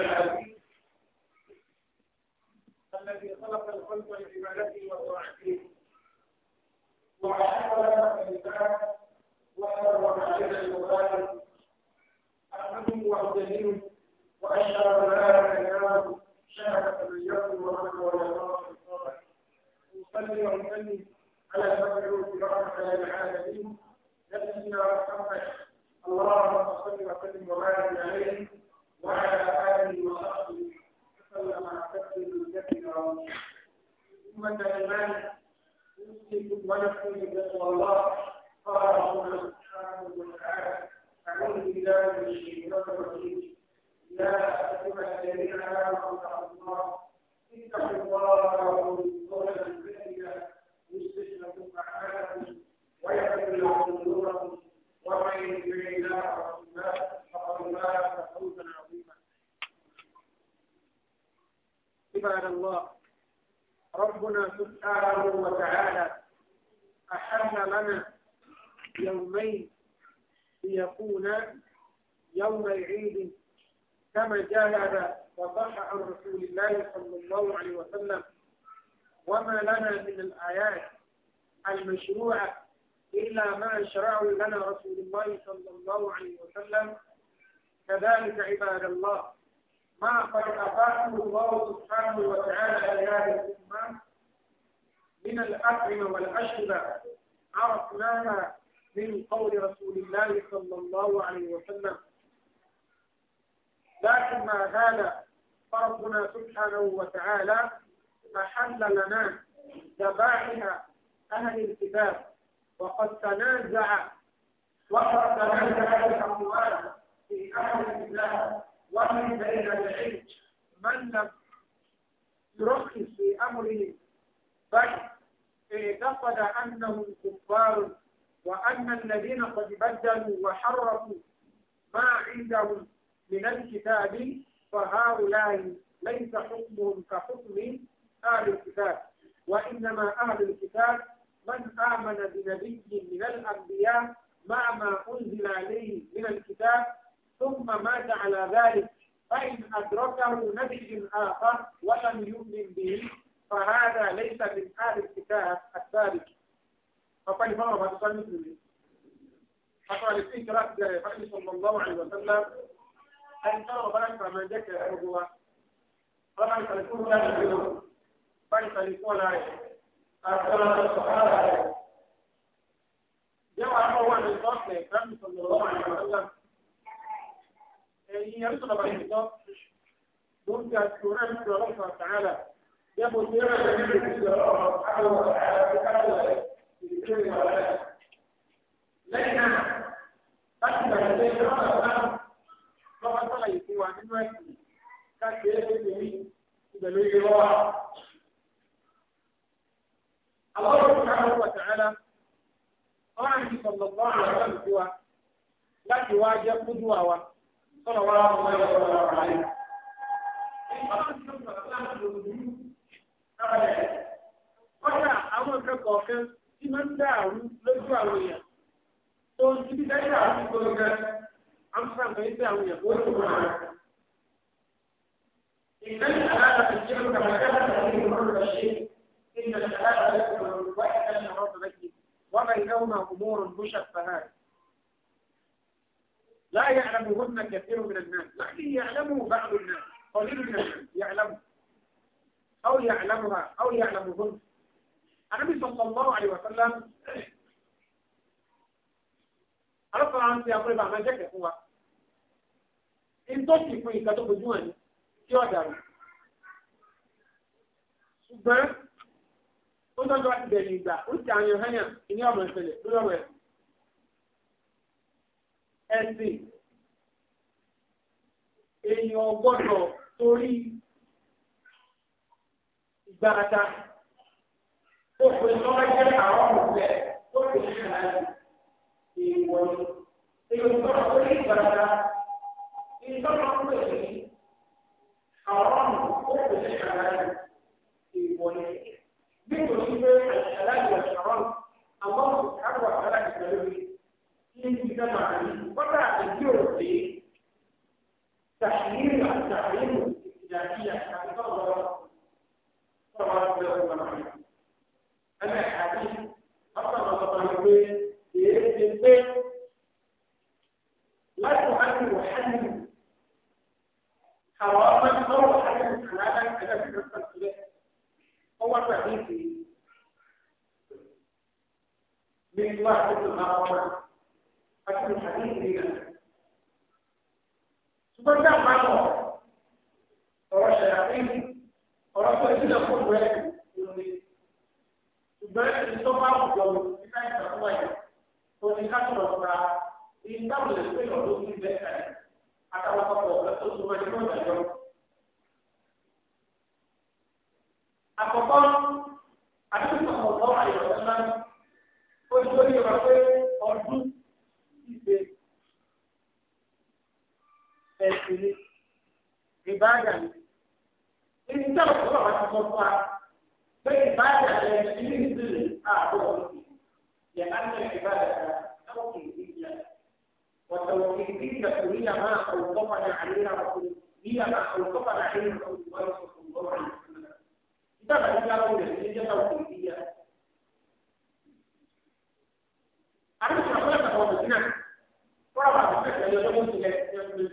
العزيز الذي خلق الخلق لعبادته وطاعته وعلم العباد وأمر عليه المبارك أحمده وأبتهله وأشهد أن لا إله شهادة من يقول ورد ولا يرى أصلي وأسلم على المبعوث رحمة للعالمين نبينا محمد اللهم صل وسلم وبارك عليه وعلى آله وصحبه وسلم تسليما كثيرا أمة الإيمان أوصيكم ونفسي بتقوى الله قال ربنا سبحانه وتعالى أعوذ بالله من الشيطان الرجيم يا أيها الذين آمنوا اتقوا الله اتقوا الله وقولوا قولا سديدا يصلح لكم أعمالكم ويغفر لكم ذنوبكم ومن يطع الله ورسوله فقد فاز فوزا عباد الله ربنا سبحانه وتعالى أحل لنا يومين ليكونا يوم العيد كما جاء هذا وصح عن رسول الله صلى الله عليه وسلم وما لنا من الآيات المشروعة إلا ما شرعه لنا رسول الله صلى الله عليه وسلم كذلك عباد الله ما قد أفاده الله سبحانه وتعالى لهذه الأمة من الأطعمة والأشربة عرفناها من قول رسول الله صلى الله عليه وسلم لكن ما زال فربنا سبحانه وتعالى أحل لنا ذبائح أهل الكتاب وقد تنازع وقد تنازع الأموال في أهل الكتاب ومن بين العلم من لم يرخص في أمره بل اعتقد أنهم كفار وأن الذين قد بدلوا وحرفوا ما عندهم من الكتاب فهؤلاء ليس حكمهم كحكم أهل الكتاب وإنما أهل الكتاب من آمن بنبي من الأنبياء مع ما أنزل عليه من الكتاب ثم مات على ذلك فإن أدركه نبي آخر ولم يؤمن به فهذا ليس من أهل الكتاب الثابت فقال مرة ما تصل مثله فقال في كرات النبي صلى الله عليه وسلم أن ترى بلد فما جاك يا أبوه فما يخلقون لا يخلقون فما يخلقون لا يؤمنون الصحابة جاء أبوه من صلى الله عليه وسلم يرسل بالحصاب يرجع السورة مثل الله تعالى يقول سيرة جميل الله سبحانه وتعالى لكن أكثر شيء هذا فقد صلى يسوع من وجهه كان يجري بدليل الله الله سبحانه وتعالى قال صلى الله عليه وسلم láti wá jẹ́ kúdùn àwa صلوات الله وسلامه عليه Kọ́dà àwọn akẹ́kọ̀ọ́ kan tí máa ń dá àrùn lójú àwọn èèyàn tó ń ti dájú àrùn gbogbo gan. Amsa ń bẹ̀rẹ̀ sí àwọn èèyàn tó ń tún wọn. Ìgbẹ́ni àlàyé àti ìjẹ́ òkà àti àlàyé àti ìmọ̀ràn rẹ̀ ṣe. إن الحلال لكم والربا إلا ما رب لكم وبينهما أمور مشبهات لا يعلمهن كثير من الناس لكن يعلمه بعض الناس قليل من الناس يعلم أو يعلمها أو يعلمهن النبي صلى الله عليه وسلم أردت أن أقول ما جاك هو إن تصل في كتب جواني كيف أدار سبحان أنت جاك بني دا أنت عن يهنيا إني أبغى أسأله أنت ẹ̀sìn èèyàn gbọ́dọ̀ torí ìgbàta tó pè lọ́wọ́ jẹ́ àwọn òṣìṣẹ́ tó pè ní ìlànà ìwọ̀n èèyàn gbọ́dọ̀ torí ìgbàta ìjọba pè ní àwọn òṣìṣẹ́ tó pè ní ìlànà ìwọ̀n nítorí pé àṣàlàyé àṣàrọ̀ àwọn òṣìṣẹ́ àwọn انت تمام وضع الجرس تحرير التحريم الابتدائية حتى صلاة الله أنا حديث حتى ما تطلبين بإذن البيت لا تؤثر حد حراما أو حد حلالا كذا في نفس الوقت هو صحيح من واحد الحرامات àti ìpàdé ìlera. ṣùgbọ́n tí a máa mọ̀ ọ̀rọ̀ ṣẹlẹ̀ àfẹ́yìn ọ̀rọ̀ tó ẹbí lọ fún ìwé ìròyìn ṣùgbọ́n ẹni tó bá wù lọ nígbà ìgbàlúwà yìí tó ní ká sọ̀rọ̀ fún wa ní táwọn lè pè lọ lórí ilẹ̀ ìkàlẹ̀ àtàwọn ọkọ̀ ọ̀rẹ́ tó tún wá nínú ìdájọ́. àkọ́kọ́ àdúgbò ọ̀gbọ́n àyẹ̀wò ó ti lórí ìrọ̀ ọdún ẹ̀sìnlẹ̀ ìbáàdà ni. Ibi tí àwọn ọ̀pọ̀lọpọ̀ ti sọ fún wa pé ìbáàdà rẹ̀ ilé ìsìnlẹ̀ ààbò ọ̀lọ́sì yẹ ká ní ìbáàdà rẹ̀ lọ́wọ́ kì í sí ìyá. وتوحيد الكلية ما أوقفنا عليها وهي ما أوقفنا عليها رسول الله صلى الله عليه وسلم. إذا ما كان رجل الكلية توحيدية. أنا مش هقول لك هو بالناس. ولا بعض الناس اللي يقولون كده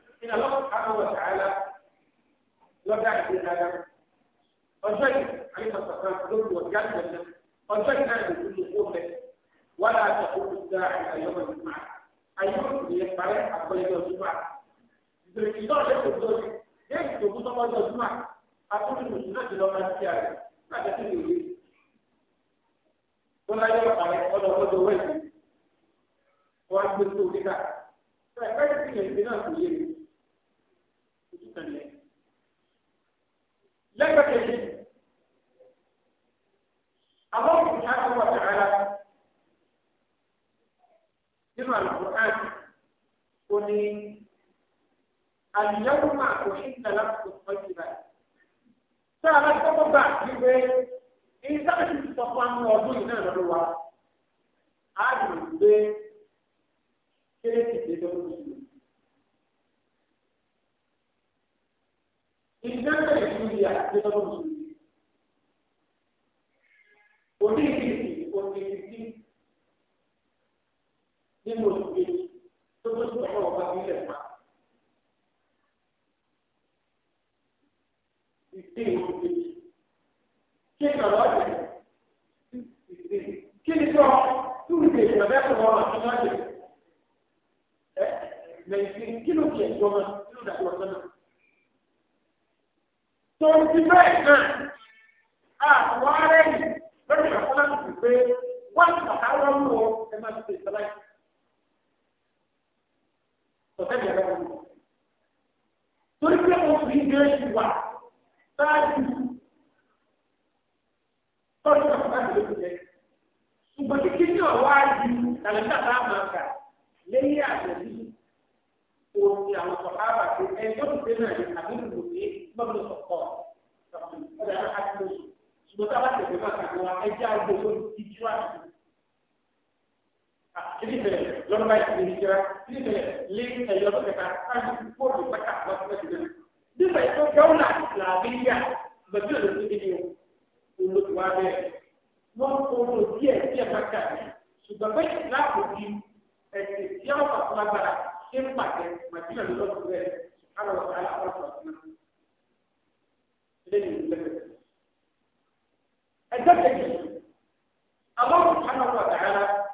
إن الله سبحانه وتعالى وجع في هذا فشيء عليه الصلاة والسلام والجنة فشيء هذا كل قوة ولا تقول الساعة يوم الجمعة أيوم يقبل حتى يوم الجمعة إذا كنا نقول ذلك ليس يوم الجمعة أقول المسلمين لو ما تيار ما تقول ولا يقبل ولا يقبل ولا يقبل ولا يقبل ولا يقبل ولا يقبل لك شيء الله سبحانه وتعالى كما القرآن قل اليوم أحل لكم الطيبات sáàrà tọ́kọ̀ bá gbígbé ìsáàtì sọ̀pọ̀ àwọn ọdún yìí náà lọ́wọ́ a lè gbé kérésì tó lọ́wọ́ sí Intanto che studia, che non lo studia. Potete potete sì. Devo studiare. Tutto questo sono capire ma. Il tempo che Che cavolo Che ne so, tu mi dici, ma adesso non la finale. Eh? Ma chi lo chiede, ma non la tua tó ń ti bẹ́ẹ̀ náà àwọn ará yìí lórí ìrọ̀kọ́ láti fi pé wọ́n ti bàtà wọ́n mú ọ ẹ máa ti tẹ̀sán láì. Sọ̀tẹ́ mi ẹ̀rọ wọn. Torí pé mo fi ń gbé ìwà sáájú tọ́jú náà láti lè jẹ. Ṣùgbọ́n kíkí ní ọ̀wá ju tàlẹ́tà tá a máa kà lẹ́yìn àgbẹ̀bí òun ni àwọn sọ̀tà àbàtì ẹ̀ tó ti dé náà ní àbí ìlú yìí sọ́kùn ló sọ̀kọ́ ọ̀dà náà ká tó sùn ṣùgbọ́n tá a bá tẹ̀lé máa kà wá ẹjẹ́ àgbo tó ti jú àti. Kìlì bẹ̀rẹ̀ lọ́dún báyìí ti di jẹ́ra kìlì bẹ̀rẹ̀ lé ẹ̀yọ́ tó kẹta káàdì fóònù pátá wọ́n ti fẹ́ẹ́ bẹ̀rẹ̀. Nígbà tó gẹ́wọ́n náà làbí yá bẹ̀bí òde tó kéde olùwà bẹ́ẹ̀. Wọ́n kóró díẹ̀ díẹ̀ pátá ṣùgbọ́n bẹ́ẹ̀ láàbò di ẹ̀sìn tí àwọn àfọlágbára ṣe ń pàtẹ màtí للمسلمين الدفع الله سبحانه وتعالى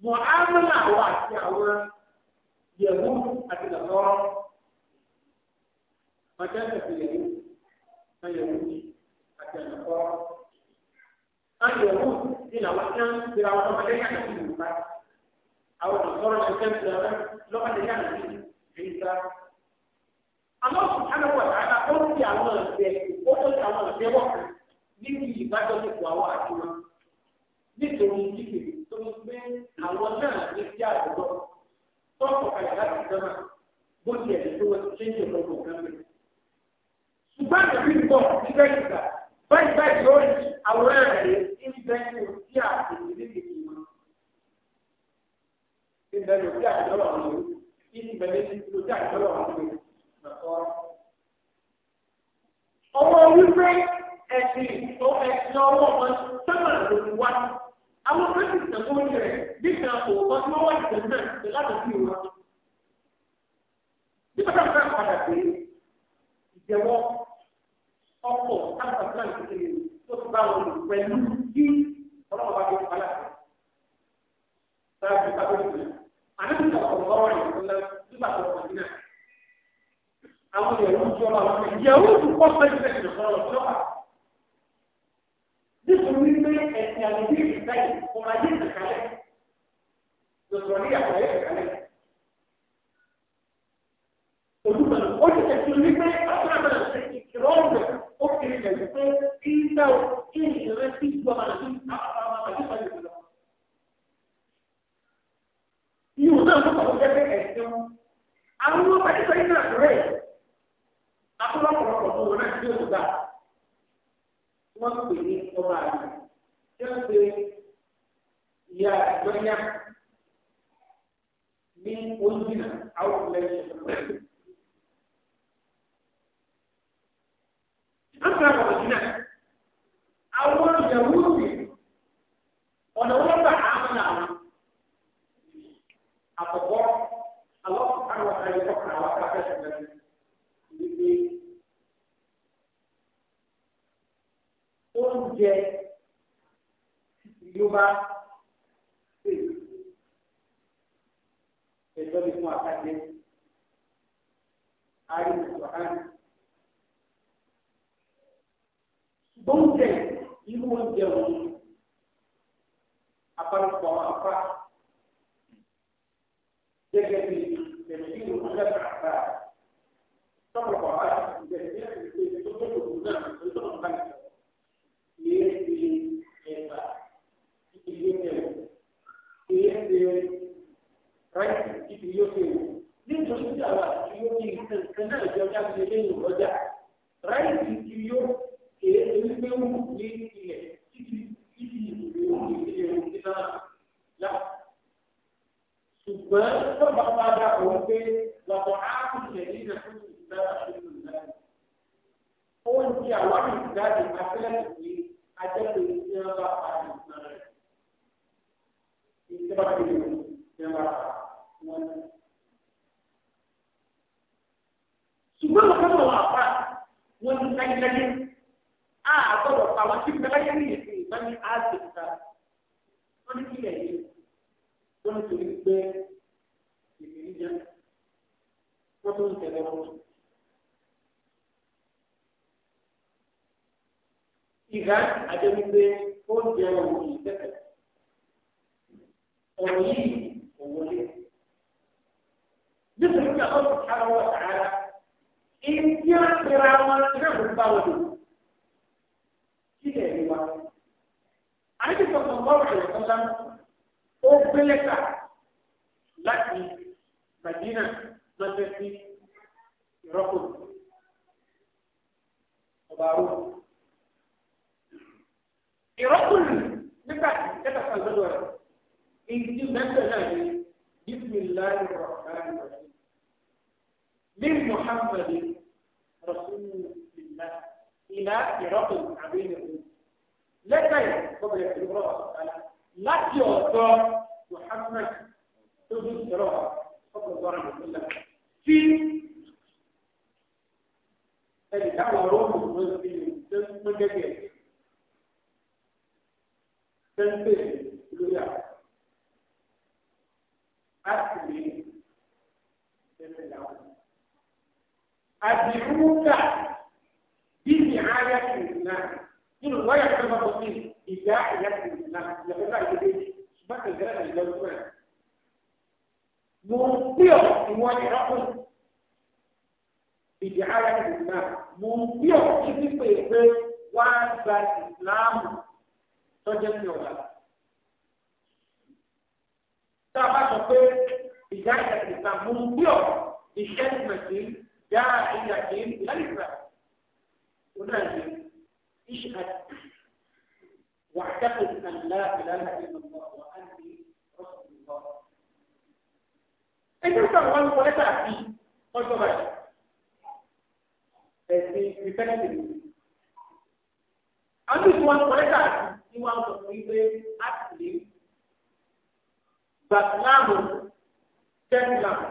معاملة واسعة يهود النصارى فكان في اليهود فيهود حتى النصارى اليهود إلى وكان إلى وكان ما كان فيه أو النصارى كان في لغة كان فيه عيسى Àlọ́sùn Tánà wà dáadáa ó ti àwọn ọ̀sẹ̀ ó tó ti àwọn ọ̀sẹ̀ wọ̀ níbi ìbájọ́sọ̀pọ̀ àwọn àti wọn. Nítorí ìdíje tó ń gbé àwọn náà ní sí àdúgbò tó kalẹ̀ láti bó ti ẹ̀ tó wọ́n ṣe ń ọ̀pọ̀ kan Ṣùgbọ́n báyìí báyìí ọmọ wípé ẹ̀sìn tó ẹ̀sìn ọmọ wọn sábà lòdì wá àwọn fẹ́sì ìtẹ̀kọ́ oúnjẹ rẹ̀ bí ìgbà òkọ́ tí wọ́n wá ìtẹ̀kọ́ náà ṣe látọ̀sí ìwà. nígbà tá a fẹ́ padà pé ìjẹ́wọ́ ọkọ̀ tábàtà náà ti ṣe tó ti bá wọn lò pẹ̀lú kí ọlọ́run bá fi padà sí. sáà fi pàtó ìgbà àná ti sọ̀rọ̀ ọ̀rọ̀ ìgbà tó lọ nígbà tó kọ̀ àwọn yẹ̀wù tí ọlọ́wọ́ yẹ̀wù tó kọ́ pẹ́ẹ́sẹ̀ ìdọ̀sọ́rọ̀ sọ́wà. nítorí pé ẹ̀sìn àwọn ilé ìdáyì kò máa yé ìtàkálẹ̀ lọ́sọ̀rọ̀ ní àgbà yé ìtàkálẹ̀. olùkọ́ni ó ti tẹ̀sí orí pé afúnáfẹ́ ṣe ìkìlọ̀ ọ̀gbẹ̀ ó kiri lẹ̀ wípé kí ń dá o kí ń yẹrẹ sí ìgbọ́ àti àpapọ̀ Ìwòsàn tó kọ̀ ọ́ jẹ́ pé ẹ̀sìn àwọn ọmọ wọ́n pè ní ọmọ àlè tí wọ́n pe ìyá àjọyà ní ojúnà àwọn ọ̀lẹ́yìn ọ̀lẹ́yìn. Nígbà wọ̀ ọ̀dínà, àwọn Yahudi ọ̀nà wọn bá àwọn àwọn àkọ́kọ́. oúnjẹ yorùbá ẹjọ́ lè fún àtàkì àríwá àná. oúnjẹ irú oúnjẹ wọn apalọpọ apá gẹ́gẹ́ bíi tẹmí ìlú ọjọ́ àgbà tọpọlọpọ apá gẹ́gẹ́ right ibi yóò fi wò nítorí tí àwọn àti yóò fi nǹkan kan náà jọ jáde lẹ́yìn ọjà right ibi yóò kéé ewé wù ní ilẹ̀ títí títí ìwé wù ní ilẹ̀ wù ní náà là. ṣùgbọ́n tọ́ba bá dà ó pé lọ́pọ̀ áàpù ìṣẹ̀lẹ̀ náà fún ìgbà àṣírí ìlànà. ó ń di àwọn àmì ìdájọ́ àfẹ́lẹ́ ìwé ajẹ́pẹ́ rọ́pù ìdí ara ìsìlámù mò ń bí ọ̀ kí pípé pé wá gba ìsìlámù tọ́jú ní ọ̀la. tá a bá sọ pé ìdí ara ìsìlámù mò ń bí ọ̀ ìṣẹ́sìmẹ̀sì dá ìyá kí ìlànà ó náà yẹ ìṣẹ́ واعتقد ان لا اله الا الله واني ẹjẹ sáwọn wọn kọ lẹ́tà sí ọjọ́ báyìí ẹsìn rìpẹtì àwọn ìlú wọn kọ lẹ́tà sí ni wọn sọ fún ìgbé àtìlẹ gbàtìláàmù tẹnìláàmù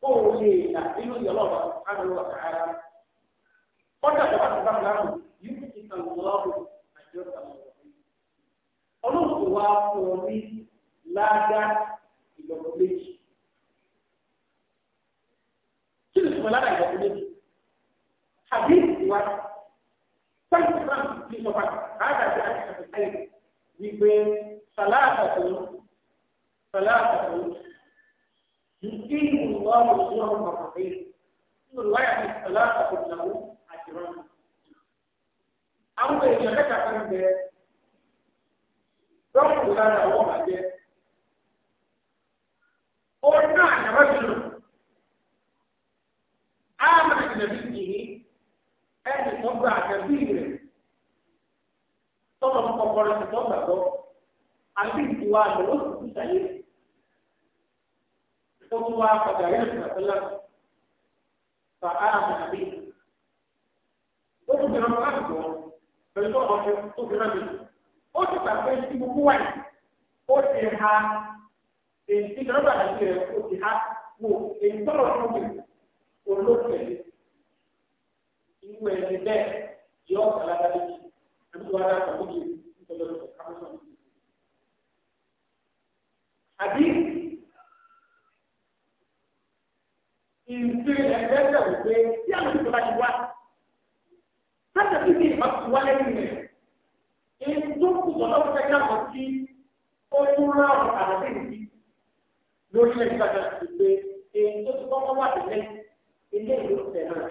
kó o lè là nínú ìyọlọba àwọn ọkà ara kọjá tó bá ti bá gbàmù yìí ti kàn lọ́wọ́ àjọ sàmù ọlọ́run tó wá fún ọ ní láàdá ìlọ́kọ̀ méjì kí ni ìtumọ̀ lára ìyàwó méjì àbí ìwà pẹ́ẹ́sì náà ti sọ̀fà àádàbí àti àtẹ̀yẹ wípé sàláàtà tó sàláàtà tó yìí ní ìwà òṣù ọmọ kọ̀ọ̀kan yìí nínú ìwáyà ní sàláàtà tó nàwó àti rọ́ọ̀nù. àwọn èèyàn mẹ́ta kan bẹ dọ́kítà lára àwọn ọmọ àjẹ. Orin náà ni ẹnì kan gba àtẹ̀bí rẹ̀ tọ́lọ̀ fún kọ́kọ́rọ́ ti tọ́ gbàgbọ́ àti ìtura rẹ̀ ó sì ṣàyè ó tún wá padà rí ìgbàsọ́lá fà á àmì àbí ó tún bẹ̀rẹ̀ wọn láti gbọ́ pẹ̀lú ọ̀rọ̀ tó bẹ̀rẹ̀ mi ó ti gbàgbé sí gbogbo wáyé ó ti ha èyí tí ìjọba àti rẹ̀ ó ti ha wò èyí tọ́lọ̀ fún mi olóòtú ẹ̀yẹ irú ẹni bẹ́ẹ̀ yọ kàlákà méjì àbí wàá dà kàkó jù nítorí ọ̀sẹ̀ àbí ìrìnsì ẹgbẹ́ sẹ̀ pé tí àwọn ìjọba ti wá sáṣà tí kì í ti wá lẹ́yìn rẹ̀ èyí tó kù sọ́dọ̀ fẹ́ káàmọ́ sí ó ráwọ̀ àlàbí ìdí lórí ẹgbẹ́ ti pé èyí tó ti wà tẹ́lẹ̀ ilé ìlú tẹ̀ náà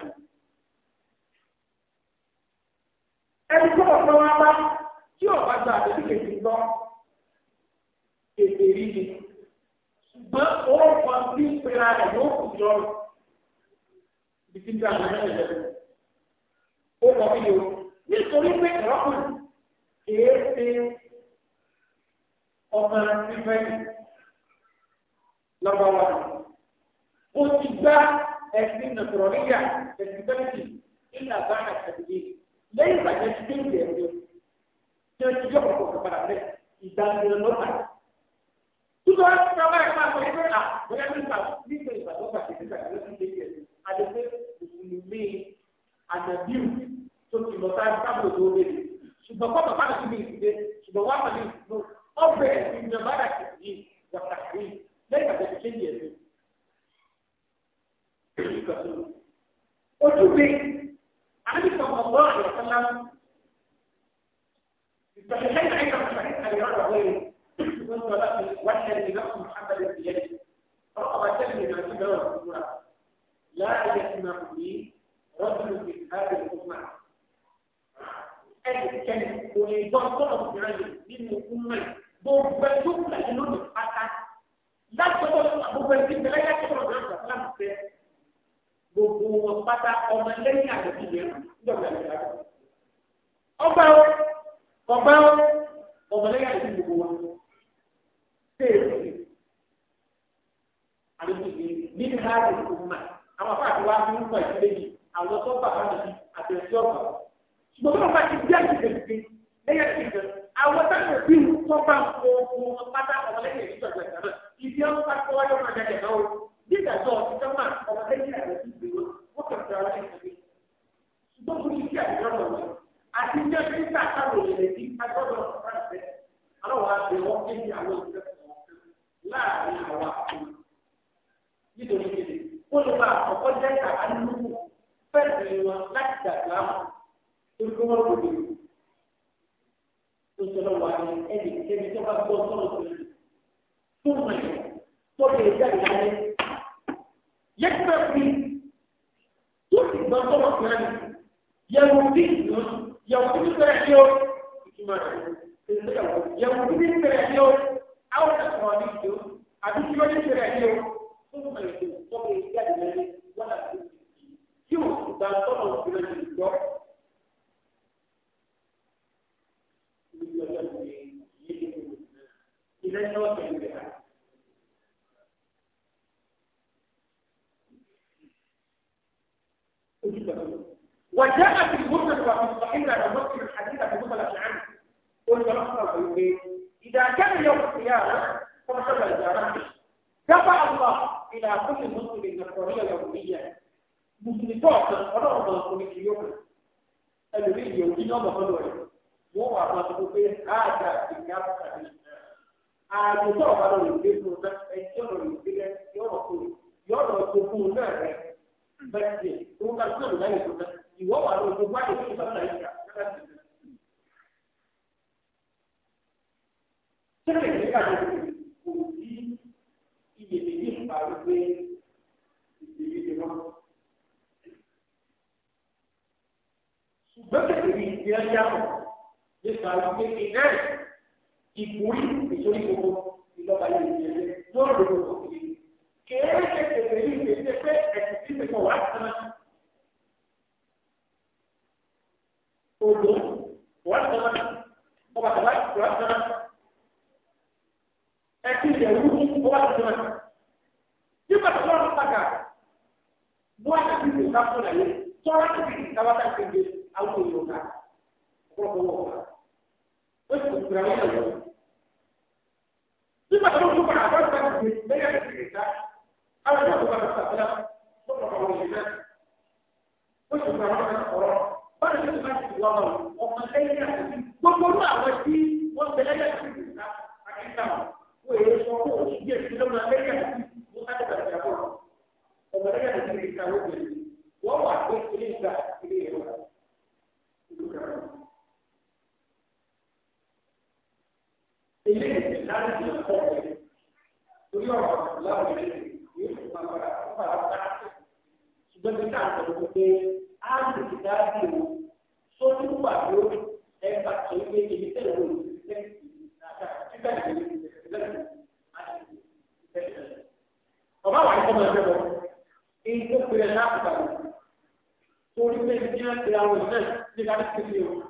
ẹni tó wọ́n fẹ́ wọn bá tí ọba gba àdébíkè ti gbọ́ èdè rí ni ṣùgbọ́n ó kọ́ sí ìpera rẹ̀ ló kù jọ ibi tí ń gbà ní ẹ̀rọ ó kọ́ bí o nítorí pé ìrọ́kùnrin kìí ṣe ọmọ fífẹ́ lọ́wọ́ wa ó ti gbá ẹ̀sìn nàìjíríà ẹ̀sìn bẹ́ẹ̀kì ìlànà àtàkùn yìí. lẹ́yìn ìgbà yẹn ti dé ìgbà yẹn tí wọ́n ti yọ ọ̀pọ̀ ọ̀pọ̀ padà lẹ́ ìdánilẹ̀ lọ́tà. Túbọ̀ ìjọba ẹ̀ máa sọ pé à bóyá nípa nípa ìbàdàn pàṣẹ nígbà tí wọ́n ti dé ìgbà yẹn adẹ́gbẹ́ mùsùlùmí ànàbíù tó ti lọ sáà sábò tó lé lè ṣùgbọ́n kọ́ bàbá àti mi ìdílé ṣùgbọ́n wà pàdé ìdúró ọ̀bẹ ìyànbára kìí wàtàkì lẹ́yìn àti ìṣẹ́yìn ẹ̀mí. Ojú mi عن صلى الله عليه وسلم في الصحيحين ايضا من ابي هريره وغيره كنت بقي والذي نفس محمد بيده رقم كلمه من سيدنا لا يسمع بي رجل من هذه الامه أجل كلمة ويضع طلب جمالي من الأمة بوبا يوم لا حتى لا تقول أبو بكر لا يكتب رجل الله gbogbo wọn pátá ọmọ lẹ́yìn àdókì yẹn níjọba ìjọba ọgbà ó ọgbà ó ọmọ lẹ́yìn àdókì gbogbo wa téèkì àdókì yẹn nínú hàrì ìkùnmá àwọn afáàtì wa fi ń mọ ìdílé yìí àwọn tó bá bá mi àtẹ̀sí ọ̀gá ṣùgbọ́n wọn bá ti bí àgbègbè gbé lẹ́yìn àdókì yẹn àwọn táwọn òbí wọn bá wọn pátá ọmọ lẹ́yìn dídàjọ́ ìjọba ọmọ lẹ́yìn àgbẹ̀ tó gbé wọn kàn fi ara rẹ̀ kàwé. ṣùgbọ́n mo ní kí àdìgbà lọ sí àti jẹ́ títà káàbọ̀ ìrẹ̀lẹ̀ sí agbọ́dọ̀ ọ̀pọ̀lọpọ̀ aláwọ̀ àti wọn kí ní àwọn ìjọba láàrin àwọn àkókò nítorí kéde ó lè bá àkọ́kọ́ jẹ́ ìtàkà nínú fẹ́ẹ̀sì wọn láti dàgbà torí tó gbọ́ sọ̀rọ̀ tó tó mọ̀ tó lè jáde láyé. يكتفي يكتفي بالطرق يعني يومدين يومدين ترحيون يومدين ترحيون أو تقوانيون أبي كمان ترحيون ثم يكون ثم يجد ولا يوم بالطرق يعني يوم إذا نوتي بها جدا وجاء في المسند وفي الصحيح عن مسلم الحديث في مسند عنه قلت الاخطر اليومين اذا كان يوم القيامه فمثل الجارحه دفع الله الى كل مسلم نصريه يوميه مسلمات الارض الكوميديون الفيديو في نوم الخلوه هو ما تقول هذا في كافه àdùsọ̀ ọ̀bàdàn ìgbésùn náà ẹ̀jẹ̀ ọ̀rọ̀ ìgbésùn yọ̀rọ̀ tó kú náà rẹ̀ bẹ́ẹ̀ ṣe ka tó ń tó ń ìwọ wà ló gbogbo àyè tó ń bá lẹ́yìn ká ká ti bẹ́ẹ̀. Sẹ́lẹ̀ ìgbéga ló ń kò sí nípa wípé ìdílé ti wá. Ṣùgbọ́n kẹ̀kẹ́ ní ìdílé yàtọ̀ nípa wípé ìdílé ìkúrí ìsorí ìlọ́ba yìí ìdílé lọ́rọ̀ lọ́wọ́ òkè kèé ṣe tètè yìí kèé ṣe pé ẹ̀sìn tí mi kò wá sàn. Odò wá sàn, ọba tàbá wá sàn. Ẹtí ìyẹ̀wù wá sàn. Bí bàtà wọn ń pàkà, bó àti bí mi ká fún àyè, tọ́lá tó bí kábàtà kéde àwọn èèyàn ká. Ọ̀pọ̀lọpọ̀ wọ̀ wá. Ó sì kúra wọn lọ. Bí bàtà wọn ń pàkà, bá a ti bá a ti gbé, bẹ́ẹ̀ على جهة بعد السابلة صدق الله الإيمان وشو كمان أرى بعد كده ما في وضعه ومن لينا وكل ما وشي ومن لينا في عندما ويشوفوا يجي لما لينا وهذا يقول ومن لينا في التوبة وهو عقول ليس إليه ولا إليه لا يجوز الخوف يرى لا يجوز ṣùgbọ́n bí káà sọ̀rọ̀ wípé á lè ti dáàbò wò sójú wà lórí ẹgbà tó ń gbé ibi tẹ̀lé wò lórí tẹ́lifí náà nígbà tí ó ti tẹ̀lé tẹ́lifí. ọba wà ní sọ́mọ ẹgbẹ́ bọ̀ èyí tó pèrè náà kúta lọ torí pé ní wọ́n ti àwọn ìṣẹ́ nígbà tí ó ti tẹ̀lé wò.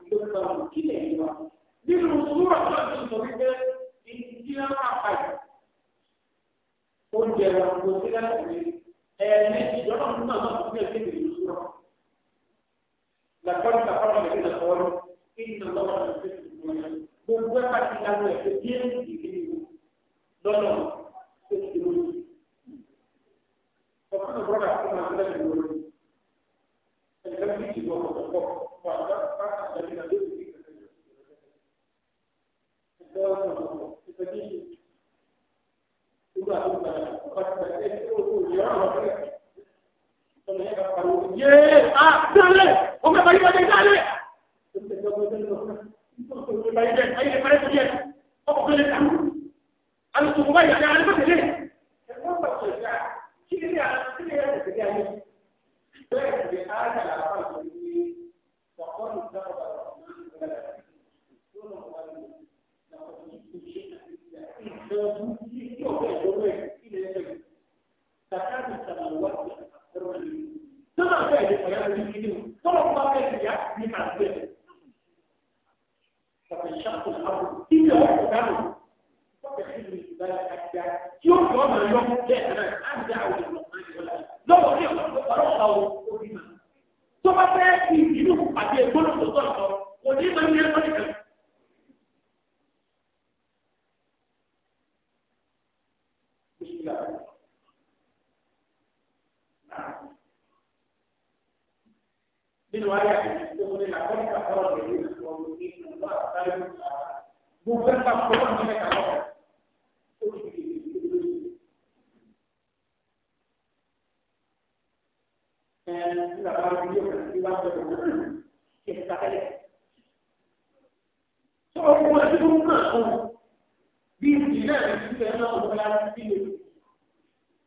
إلى من وراء يقول لقد كفر الذين ومؤمنين وأكثرهم ممكن تفكر من كفر la maravillosa ciudad de Roma, que está allá. Solo como la ciudad de Roma, virginal, que se llama Roma,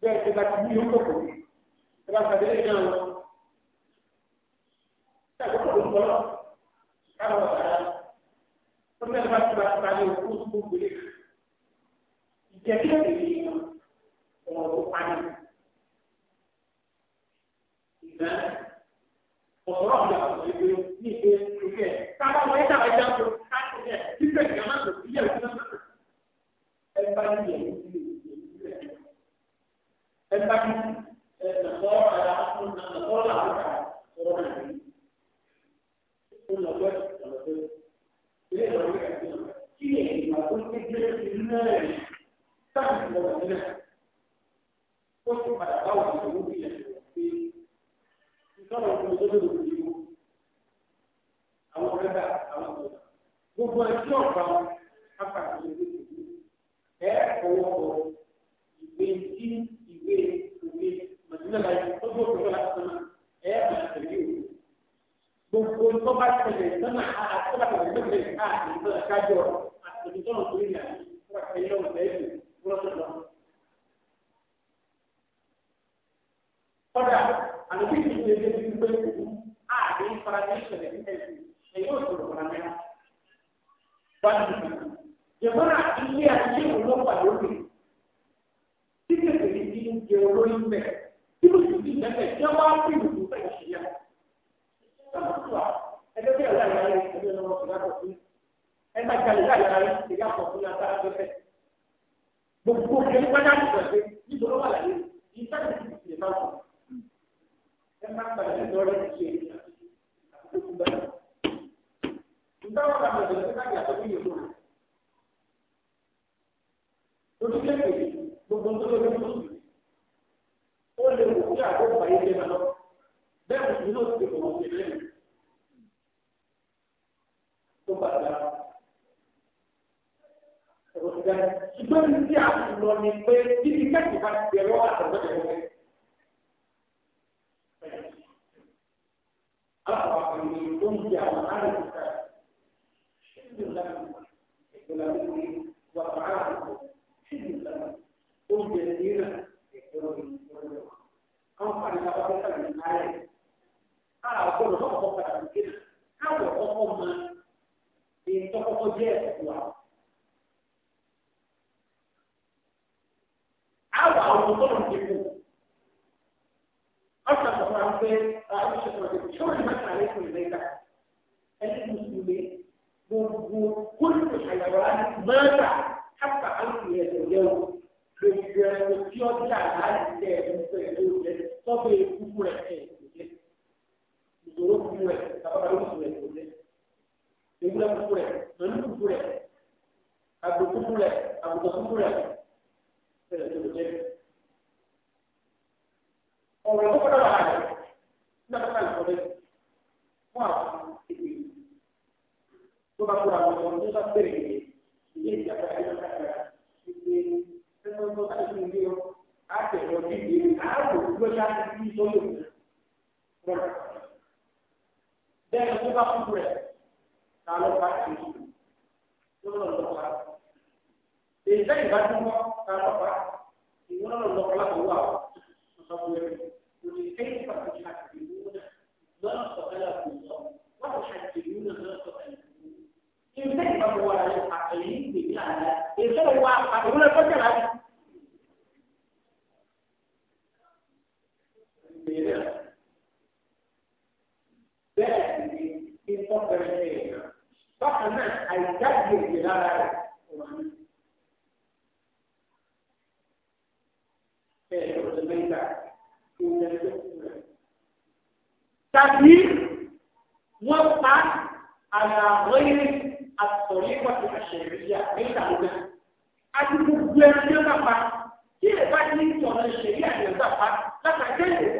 bẹ́ẹ̀ tó bá ti bí yóò kókò tó bá tàbí lẹ́yìn náà wọ́n. Ṣé àkókò tó ń bọ̀ káwọn ọ̀sán tó bẹ́ẹ̀ bá ti bá ti bá ní òkú tó gbogbo lè kà. Ìjẹ́ kí lóde yìí ọmọ tó Ìgbà ọ̀rọ̀ ọ̀gá ọ̀sán ìgbé ní ìgbé ìgbé táwọn ọmọ ẹ̀ta ọ̀já tó ká ìgbé ìgbé ìgbà máa tó ìyá ìgbé náà. Ẹ تنبغي النصارى على أصل النصارى على قرآن كل وقت ليه ربيع كيف ما كنت تجري في النار تحت لو أنا قلت ما أقوى في 是该做。ẹ̀sìn wa. Àwọn àwọn tó ń dìbò. Ọ̀sán tó máa ń gbé àwọn ìṣẹ̀lẹ̀ tó ti wọ́n máa tààrí fún ìlú ìgbà. Ẹni mùsùlùmí gbogbo kólùkù àyàwó láti mọ́tà kápá àwọn ìyẹ̀dọ̀ yẹ̀wò. Lórí ìgbẹ́rẹ́ tí ọjà láti tẹ̀ ẹ̀ ń pẹ̀lú ìlú rẹ̀ tọ́bẹ̀ ikú rẹ̀ ẹ̀ ìṣòro fún rẹ̀ tàbí ewúrẹ́ kúkú rẹ̀ lórí kúkú rẹ̀ àgbò kúkú rẹ̀ àgbò kúkú rẹ̀ ẹ̀rẹ̀ tó lè jẹ́. ọ̀rọ̀ tó kọ́ra wà rẹ̀ nígbà tó kà lọ́dẹ fún àwọn ìgbè tó bá kúra àwọn ọmọ nígbà tó bẹ̀rẹ̀ ìgbè ilé ìjà tó kà lọ́dẹ ìgbè ẹgbẹ́ tó kà lọ́dẹ ìgbè yọ àtẹ̀yọ ìgbè àgbò kúkú rẹ̀ àti ìgbè tó lè wù. bẹ́ẹ̀ ni tó bá kúkú rẹ̀. تعلقات فيه يقول الله إذا يبدو تعلقات يقول الله لا هو مصور ولكيف تحكمون ما خلقكم وتحكمون ما خلقكم إذا يبدو العقلين بمعنى إذا هو عقلون فجرا Yeah. That is important. bákan náà àìjáde èdè lára rẹ̀ ọ̀rọ̀ ni. bẹ́ẹ̀ ló ṣe mẹ́ta kí ó yẹ kó kú rẹ̀. tàbí wọ́n pa àlàbọ̀ yìí àtọ̀rí pàtó àṣẹ̀ríyà nígbà náà. àti gbogbo ẹni tó bá pa kí lè bá ní ìtọ̀nà ìṣẹ̀rí àyẹ̀wò àpá látàkẹ́ ìwé.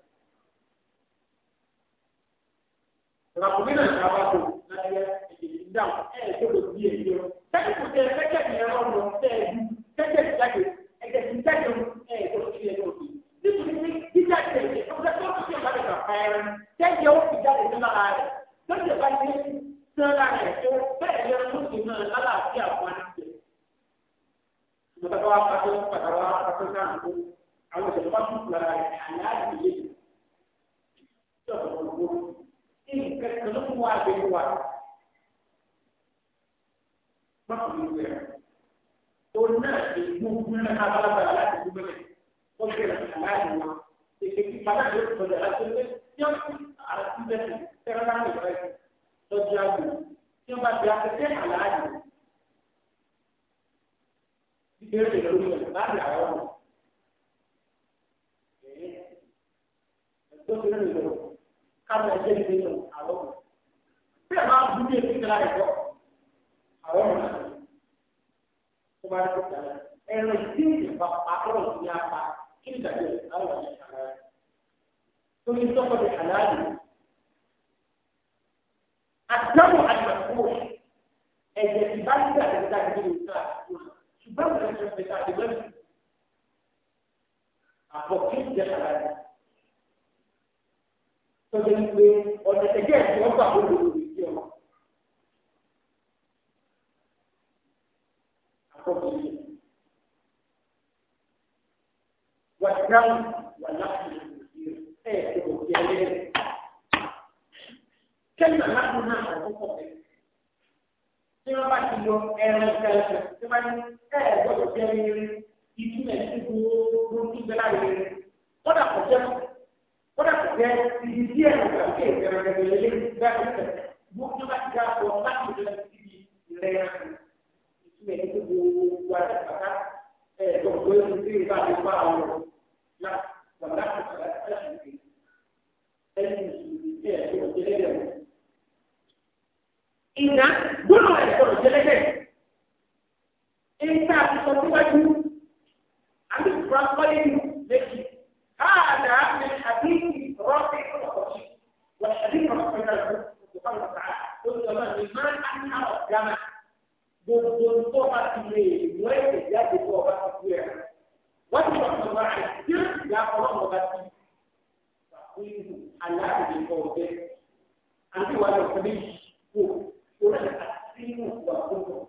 ràkùnmí náà ṣe àbábò láti ẹ èdè ìdáhùn ẹ ẹ tó lè bí èyí lọ tẹ́lẹ̀ kò tẹ kẹ́kẹ́ mi ẹ̀rọ lọ tẹ́ ẹ ju kẹ́kẹ́ mi jáde ẹ̀jẹ̀ mi jáde ẹ ẹ tó lè bí ẹ̀rọ lọ nítorí pé jíjà ti ẹ̀jẹ̀ tó fẹ́ tó ti ṣe ìbálẹ̀ kà fẹ́ rẹ tẹ́jẹ̀ ó fi jáde nínú ara rẹ̀ lọ́jọ́ bá ti sán lára rẹ̀ tó bẹ́ẹ̀ yẹ kó sì náà lálàáfíà fún wa níbi mọ̀tàkà wa pàtó pàtàkà wa pàtó sáà tó àwọn ìṣẹ̀lẹ̀ bá tún kúlára rẹ̀ àyà àti ìyẹ́ ini kesemua di luar. Maksudnya, karena ibu punya kata-kata itu benar. Oke, lalu jadi pada dia berjalan sendiri, yang arah tidak terang terang terjadi. Cuma dia kerja halal. Dia tidak lulus, tak ada orang. Itu tidak lulus káwọn ẹgbẹ́ ìgbé lọ àwọn ọmọ bí ẹ máa dúdú èmi ìgbéra rẹ bọ àwọn ọmọ náà tó bá dúdú ìgbéra ẹ̀rọ ìdí ìgbà àkọlọ̀ ní apá kí ni ìgbàgbé àwọn ọmọ ìgbà rẹ torí sọ́kọ̀ ní àlàyé àdáwò àgbàkúrò ẹ̀jẹ̀ ìbáṣẹ̀ àgbẹ̀dá ìdílé ìgbà ṣùgbọ́n ìgbà ìgbà ìgbà ìgbà àbọ̀kí àlàyé tọ́jú pé ọ̀nà ẹ̀jẹ̀ tí wọ́n gbà wọ́n lòlù rẹ̀ sí ọmọ. Àkọ́kọ́ yìí. Wàdáwù wà láti ẹ̀ ẹ̀ tó kí ẹ lé. Kẹ́lá láti náà àkọ́kọ́ ẹ̀. Tí wọ́n bá ti lọ ẹran ìkàlẹ̀ tí wọ́n ní ẹ̀ ẹ̀ gbọ́dọ̀ jẹ́ rere, ìtumẹ̀ gbogbo gbogbo ìgbẹ́láyé rere. Wọ́n dà kọ̀ jẹ́ Ora perché si diceva perché per le legge molto mancato a parte della città le strumento di guardare e con quello che si fa di Paolo la guardate la città e il sistema che vediamo ìdá gbọ́dọ̀ ẹ̀kọ́rọ̀ jẹ́lẹ́gbẹ̀. Ìta àtúntò síwájú àti ìfura kọ́lé ní méjì. Káàdà àti والحديث رحمه الله سبحانه وتعالى قل كمان لمن أنهى الجمع دون طوبة إليه وين يجب طوبة إليه وتشرح الله على السر يا الله مبتي فقلت الله بالقوة أنت ولا تبيش قل أسلم وقلت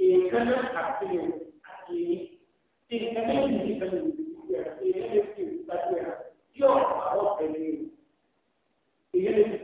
إن كان أسلم أسلم إن كان يجب أن يكون أسلم يوم أروح إليه ìyẹn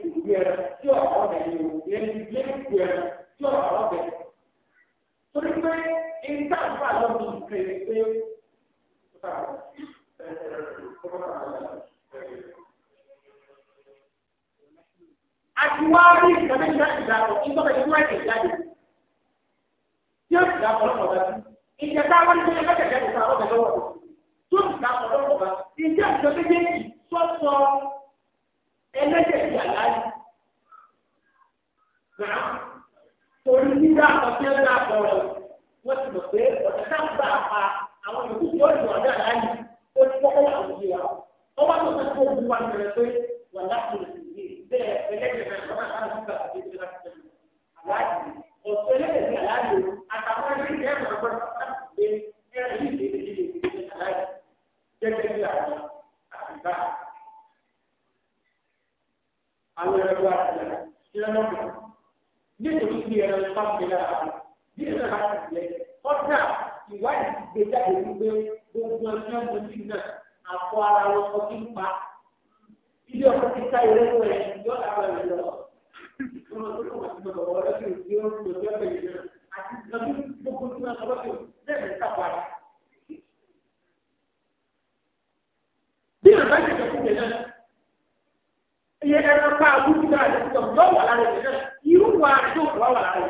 ìjẹta wọn ní bóyá lọ́kẹ̀kẹ́ ìta ọlọ́pàá lọ́wọ́ tó sì dá ọlọ́pàá bá ìjẹ́ ìjọ méjèèjì sọ́sọ́ ẹlẹ́jẹ̀ ti àlàyé. Gbà torí nígbà àkọsílẹ̀ náà bọ̀rọ̀ wọ́n ti mọ̀ pé ọ̀dọ̀ náà gbà pa àwọn yòókù tí ó lù ọ̀dọ̀ àlàyé ó ti kọ́kọ́ wà lóye wa. Wọ́n wá tó sọ́kọ́ òun wa bẹ̀rẹ̀ pé wà láti lè sì yé bẹ́ẹ̀ ẹlẹ́jẹ̀ náà lọ́wọ́ àwọn ìgbà àti ìgbà àlàyé. Ọ̀sẹ̀ ẹlẹ́jẹ̀ ti àlàyé àtàwọn ẹlẹ́jẹ̀ náà gbọ́dọ̀ láti gbé ẹ̀rí ìdè àwọn ẹ̀rọ wa ti lára ìlànà kan nítorí bí ẹ̀rọ ìfà mi lára bí ẹ̀rọ ìfà mi lẹ ọ̀dà ìwádìí ti gbé jáde wípé gbogbo ẹ̀rọ ìfà mi náà àpò ara wọn kọ́ kí n pa ilé ọkọ̀ ti ká ìrẹ́ wọ̀ ẹ̀ yọ àwọn ẹ̀rọ lọ. Àwọn ọ̀dọ́ wọn ti mọ̀ ọ̀rọ̀ kí n ti ó ń lò ní ọ̀pẹ̀ yìí náà àti ìgbàgbọ́ gbogbo tí wọ́n sọ lọ́sọ̀ lẹ́ẹ̀mí sábà. Bí ìrọ̀lẹ́ ìjọba ti tẹ̀lé iye ẹran pa àbúrú náà lè sọ lọ wà lára rẹ irú wa yóò wà wà lára rẹ.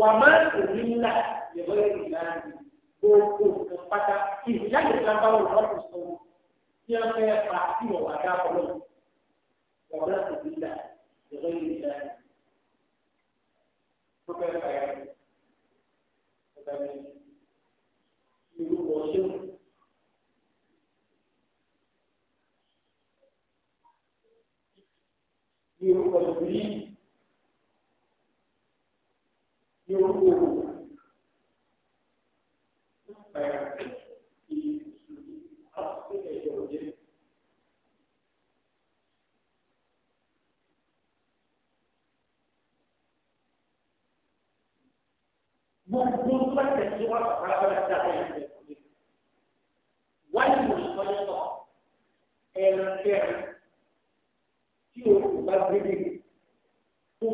wà má òní ńlá yẹ̀wọ́ yẹ̀wọ́ ìlànà gbogbo nǹkan pátá ìyá yẹn ká bá wọn lọ́kùn sọ ní ọ̀fẹ́ pa sí ọ̀wà dá ọlọ́run wà má òní ńlá yẹ̀wọ́ yẹ̀wọ́ ìlànà gbogbo ẹ̀ka yẹn ṣe. Bí orúkọ ìlú yìí, bí orúkọ òwò, ẹ̀ka ti ìṣòro àti ẹ̀jẹ̀ òjẹ́. Gbogbo tó bá tẹ̀síwájú àbára dáadáa yìí.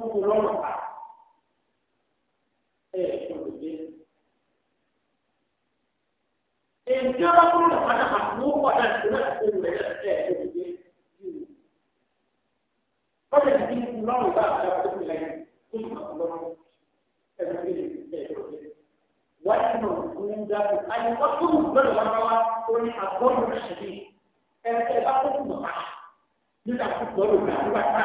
tó ń kó lọ́rùn pa ẹ̀ kò lè dé. Èdè ọba lọ padà máa mú ọ̀dà ìṣúná ìṣòro rẹ̀ ẹ̀ kò lè dé. Wọ́n lè ti kú lọ́rùn bá àgbà tó fi lẹ́yìn tó ń kó lọ́rùn ẹ̀ kò lè dé. Wọ́n ti mọ̀ ní dáàbò. Àyè wọ́n tó ń gbọ́dọ̀ wọn lọ́wọ́ orí àgbọ̀dọ̀ ṣẹ̀lẹ̀. Ẹ̀ ẹ̀ bá tó ń mọ̀ nígbà tó gbọ́dọ̀ gbà nígbà tá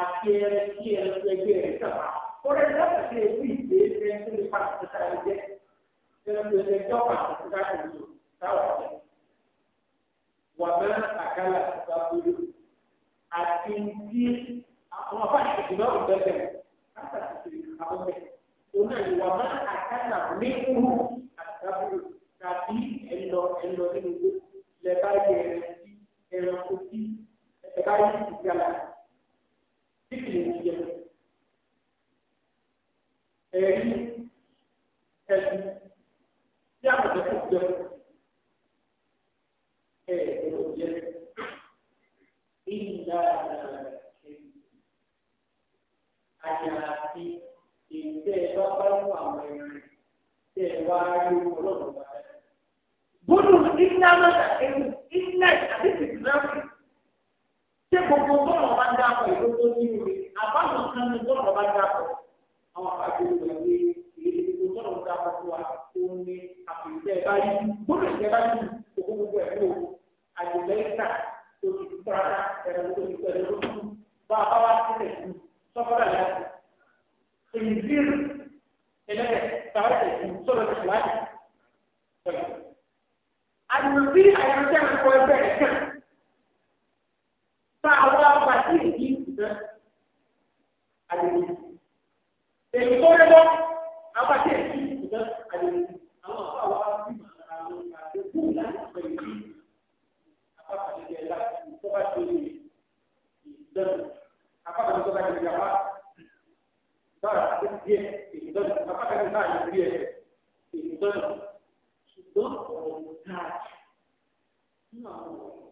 àti ẹrẹ tí ẹrẹ tó ẹgbẹ́ rẹ̀ sábà. Kọ́lẹ́ láti ṣe ìlú ìgbé ẹgbẹ́ tó lè pàṣẹ tó sáré jẹ́. Ẹrẹ o ṣe jọ́ pàṣẹ tó sáré jù táwọn ọ̀rẹ́. Wà mẹ́rin àkàlà ìgbà gbòòrò. Àti ti àwọn afá ìṣèjọba òbẹ̀bẹ̀ látàkì àbọ̀bẹ̀. Òun náà wà mẹ́rin àkàlà ní kúrú àtàkùrù tàbí ẹ̀lọ ẹ̀lọ nínú lẹ́bàá yẹ ẹ̀rẹ̀ tí ẹ̀rẹ̀ kò sí ẹ̀bá yìí ti gbàlá kíkì lè ti yẹ ẹ̀rí ẹ̀sìn tí a kò tó jẹ ẹ̀ ẹ̀rọ jẹ ìlà àyàfi ìtẹ́ ẹ bá bá mú àwọn ẹ̀rọ tẹ́ ẹ wá rí ọlọ́run bá rẹ̀. gbọ́dọ̀ ìlànà ìlànà àti ìlànà ṣé gbogbo bọ́ọ̀lù bá dá pọ̀ ìlú tó ní ìwé àbámu kan ní bọ́ọ̀lù bá dá pọ̀ àwọn àgbàdo ìwé ìwé ìlú bọ́ọ̀lù dá pọ̀ tó wà tó ní àpèjẹ báyìí gbọ́dọ̀ ìjẹ báyìí gbogbo gbogbo ẹ̀ ló àjẹjẹ ìta tó ti ti tọ́ra ẹ̀rọ tó ti tẹ̀lé ló tún bá a bá wá sílẹ̀ sí sọ́kọ́dà láti àdùnnú bí àyànjẹ́ àkọ́ ẹgbẹ́ ẹ̀kẹ́ tá a wá pàṣẹ ìdí ìdá àdéhùn. Èyí tó lẹ́wọ́ apàṣẹ ìdí ìdá àdéhùn. Àwọn àbá wa bí màá àwọn àdéhùn láti pẹ̀ ìdí apàṣẹ ìdí ẹ̀dá tó bá ṣe ìdá apàṣẹ tó bá ṣe ìdá wa. Bára àti díẹ̀ ìdá apàṣẹ ìdá àti díẹ̀ ìdá ṣùgbọ́n ọ̀rọ̀ dáa nínú àwọn ọ̀rọ̀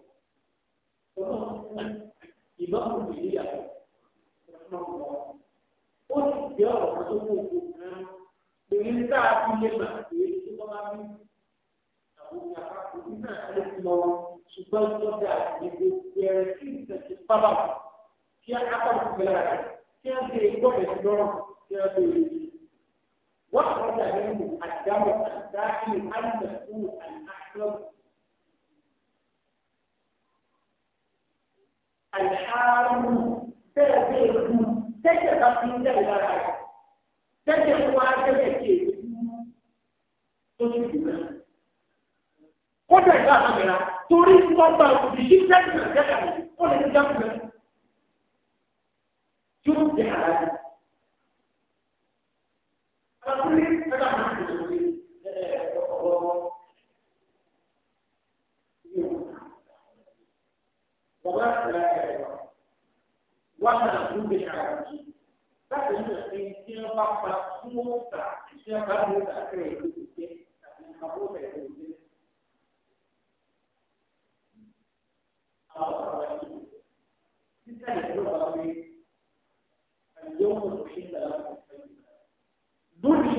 ìbámu ti lọ ṣùgbọ́n àdámọ̀ àdáhìn àìsàn fún àìsàn àìsàárù bẹ́ẹ̀ bẹ́ẹ̀ kú tẹ́jẹ̀ bá fi ń tẹ̀lé lára rẹ̀ tẹ́jẹ̀ wá tẹ́jẹ̀ tí tó ti dùn náà. kódà ìgbà àmàlà torí nọ́mbà òbí sí tẹ́jẹ̀ náà tẹ́jẹ̀ mi ó lè ní jáde náà. yóò tẹ̀ ara rẹ̀. àkúrí ẹ̀ka máa ń tẹ̀lé ọ̀rọ̀ Bàbá àgbà wọ́n náà ló gbé ara jù láti ní ẹ̀sìn tí wọ́n bá pa fún ọ̀tà tí wọ́n bá ní ọ̀tà kẹrẹ̀ ìlú ti àti àwọn ọ̀tà ìlú ti Àwọn ọ̀tà ìlú títà ìlú bá wí àyẹ̀wò òṣìṣẹ́ ìlànà ọ̀tà ìlú. Lórí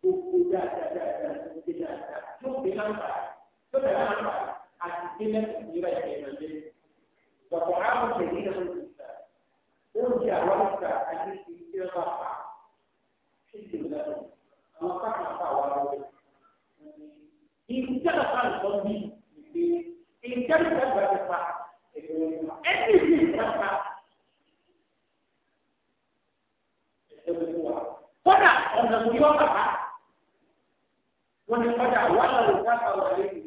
gbogbo dáadáa tó ti dáadáa tó ti láǹfààní tó ti láǹfààní àti délẹ̀ ìdíra ìgbẹ̀rẹ̀ lé. Bàbá àwọn ọ̀tà ìlú oúnjẹ àwọn ìgbà ayé ti ṣe ọba pa ṣíṣe lẹ́nu àwọn káàkiri àwọn ọmọ ìjẹ́ ọ̀pá nǹkan bí ìgbé ìjẹ́ ìjẹ́ ìgbà ti pa ẹni ìdí pa kódà ọ̀nà tó yọ bàbá wọ́n ti kọjá wà lọ́wọ́ ìdáka wà lẹ́yìn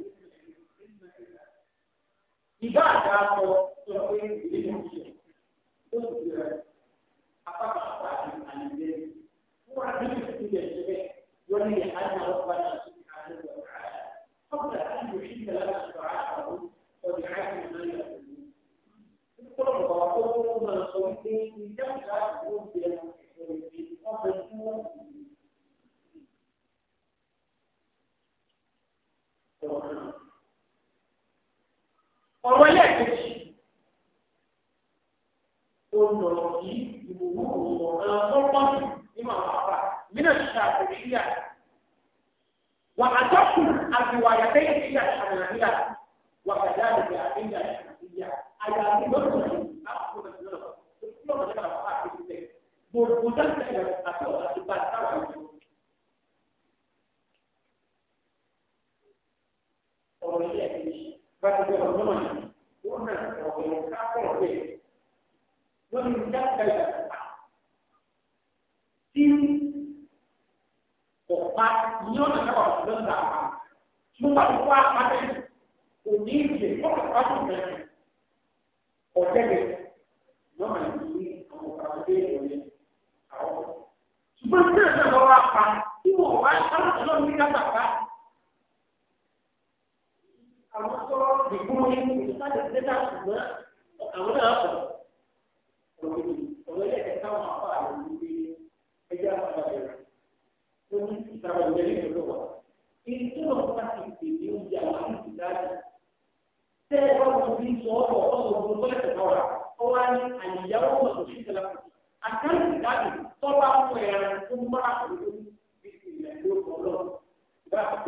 ìgbà àgbà sọ sọ pé ìdílé ń ṣe. 同学。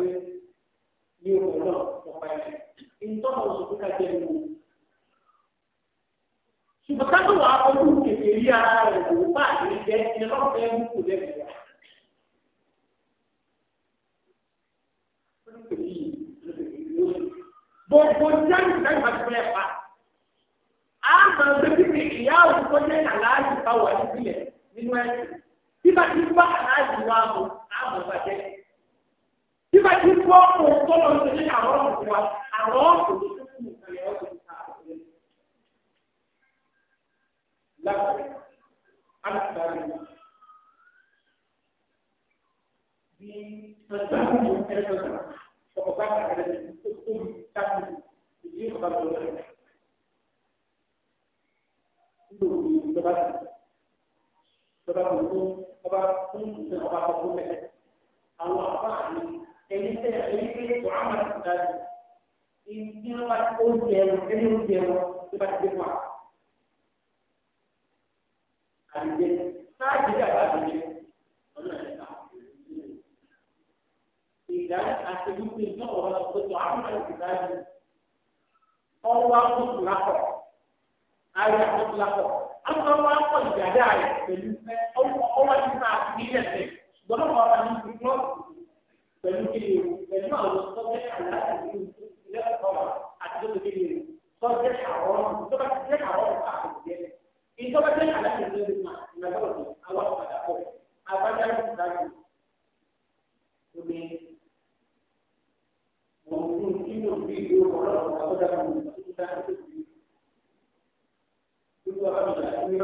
pé ní òun náà ọ̀pá ẹ̀ ìtọ́nà oṣù tó kájẹ́ ìlú. ṣùgbọ́n ká tó wà á fojú kèké rí ara rẹ̀ kò bá àdéhùn jẹ́ ẹni lọ́wọ́ fẹ́ mú kò lẹ́nu wá. gbogbo jáde jáde máa ti fẹ́ pa á máa ń gbé pípé ìyá òkúkọ jẹ́ àlàájì bá wà nípìnlẹ̀ nínú ẹ̀sìn bí bá ti bá àlàájì wá mú àmọ̀ bàjẹ́ nígbà tí kò kò tó lọ sí ní àwọn ọ̀pọ̀ wa àwọn ọ̀pọ̀ tó kù nìkan yẹn ọ̀pọ̀ tó kù nìkan. Lápẹ̀ alùpàdé bí ọjà kúrò ẹ̀rọ ọ̀pọ̀ bá kàkàrẹ̀ tó tóbi tábù ìdí ọ̀pá tó lọ Nígbà wo ìjọba ìjọba tó ń ọba fún ìjọba tó kún mẹ́tẹ̀ẹ̀ àwọn àbá àmì ẹni tẹ ẹni tẹ kò àwọn àti ìdájọ ìdí wọn bá ó jẹ ẹwọn ẹni ó jẹ ẹwọn tó bá ti dé wọn. àdìjẹ sáàjì dàgbà àdìjẹ ọ̀nà ẹ̀ka ìdá àti wípé náà wọn lọ pé kò àwọn àti ìdájọ ọwọ́ àkókò lakọ̀ ayé àkókò lakọ̀ àwọn ọmọ akọ ìdájọ ayé pẹ̀lú ọwọ́ àti sáà nílẹ̀ tẹ̀ gbọ́dọ̀ wọn bá ní ìdúró pẹ̀lú kí ni pẹ̀lú àwọn sọ́jẹ́ àlàyé ilé ẹ̀kọ́ àti tó kí ni sọ́jẹ́ àwọn ìjọba ti jẹ́ àwọn ọ̀pá àkùnjẹ́ ìjọba jẹ́ àlàyé ilé ẹ̀kọ́ ìgbàgbọ́ àwọn ọ̀padà pọ̀ àbájá ìdájọ́ omi òun kí ni òbí ìlú ọlọ́run àbọ̀dá kan ní ìgbà tó dáa tó ti